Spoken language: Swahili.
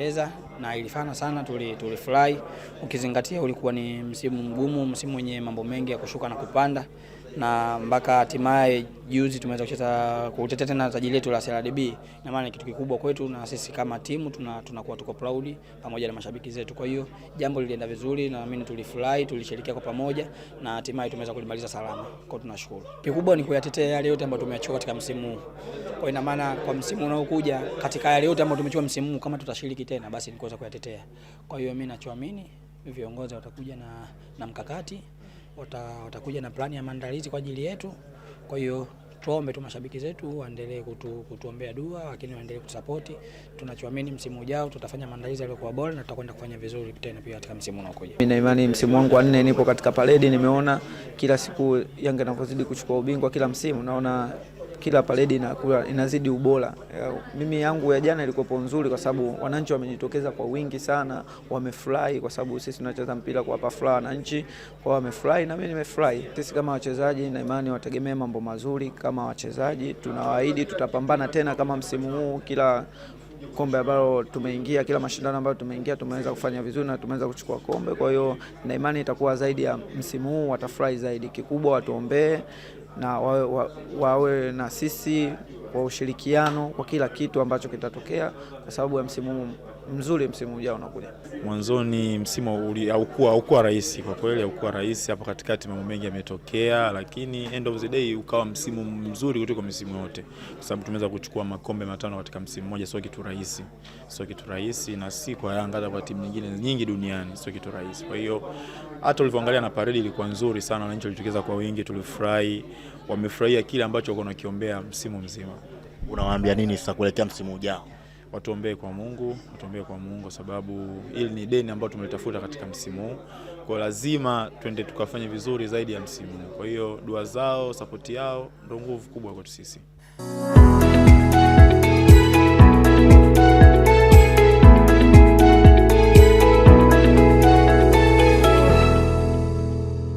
eza na ilifana sana, tulifurahi tuli ukizingatia ulikuwa ni msimu mgumu, msimu wenye mambo mengi ya kushuka na kupanda na mpaka hatimaye juzi tumeweza kucheza kutetea tena taji letu la CRDB, na maana kitu kikubwa kwetu, na sisi kama timu tunakuwa tuna tuko proud pamoja na mashabiki zetu. Kwa hiyo jambo lilienda vizuri, na mimi tulifurahi, tulisherehekea kwa pamoja na hatimaye tumeweza kulimaliza salama, kwa tunashukuru. Kikubwa ni kuyatetea yale yote ambayo tumeachoka katika msimu huu, kwa ina maana kwa msimu unaokuja, katika yale yote ambayo tumechukua msimu huu, kama tutashiriki tena, basi ni kuweza kuyatetea. Kwa hiyo mimi nachoamini viongozi watakuja na, na mkakati watakuja na plani ya maandalizi kwa ajili yetu. Kwa hiyo tuombe tu mashabiki zetu waendelee kutu, kutuombea dua, lakini waendelee kutusapoti. Tunachoamini msimu ujao tutafanya maandalizi yaliyokuwa bora na tutakwenda kufanya vizuri tena pia katika msimu unaokuja. Mimi na imani msimu wangu wa nne nipo katika paredi, nimeona kila siku Yanga inavyozidi kuchukua ubingwa kila msimu, naona kila paredi inakula, inazidi ubora. Mimi yangu ya jana ilikuwa nzuri kwa sababu wananchi wamejitokeza kwa wingi sana, wamefurahi kwa sababu sisi tunacheza mpira kuwapa furaha wananchi, kwa wamefurahi na mimi nimefurahi. Sisi kama wachezaji na imani wategemee mambo mazuri kama wachezaji, tunawaahidi tutapambana tena kama msimu huu kila kombe ambalo tumeingia, kila mashindano ambayo tumeingia tumeweza kufanya vizuri na tumeweza kuchukua kombe. Kwa hiyo na imani itakuwa zaidi ya msimu huu, watafurahi zaidi. Kikubwa watuombee na wawe, wawe na sisi kwa ushirikiano kwa kila kitu ambacho kitatokea, kwa sababu ya msimu mzuri msimu ujao unakuja. Mwanzoni msimu haukuwa haukuwa rahisi kwa kweli, haukuwa rahisi. Hapo katikati mambo mengi yametokea, lakini end of the day ukawa msimu mzuri kuliko misimu yote, kwa sababu tumeweza kuchukua makombe matano katika msimu mmoja. Sio kitu rahisi, sio kitu rahisi, na si kwa Yanga, hata kwa timu nyingine nyingi duniani sio kitu rahisi. Kwa hiyo hata ulivyoangalia na paredi ilikuwa nzuri sana, wananchi walijitokeza kwa wingi, tulifurahi, wamefurahia kile ambacho wako nakiombea msimu mzima. Unawaambia nini sasa kuelekea msimu ujao? Watuombee kwa Mungu, watuombee kwa Mungu sababu hili ni deni ambayo tumelitafuta katika msimu huu, kwa lazima twende tukafanye vizuri zaidi ya msimu huu. Kwa hiyo dua zao, sapoti yao ndio nguvu kubwa kwetu sisi.